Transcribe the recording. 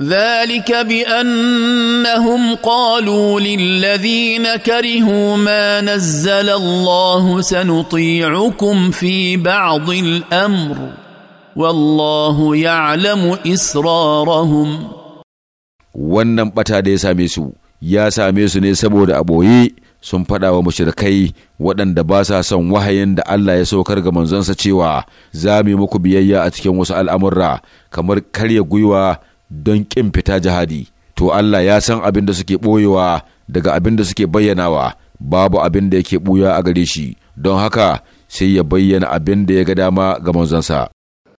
ذلك بانهم قالوا للذين كرهوا ما نزل الله سنطيعكم في بعض الامر والله يعلم اسرارهم wannan bata da ya same su ya same su ne saboda aboye sun faɗa wa mushrikai waɗanda ba sa son wahayin da Allah ya saukar ga manzonsa cewa za mu yi muku biyayya a cikin wasu al'amurra kamar karya gwiwa don ƙin fita jihadi to Allah ya san abin da suke ɓoyewa daga abin da suke bayyanawa babu abin da yake ɓuya a gare shi don haka sai ya bayyana abin da ya ga dama ga manzansa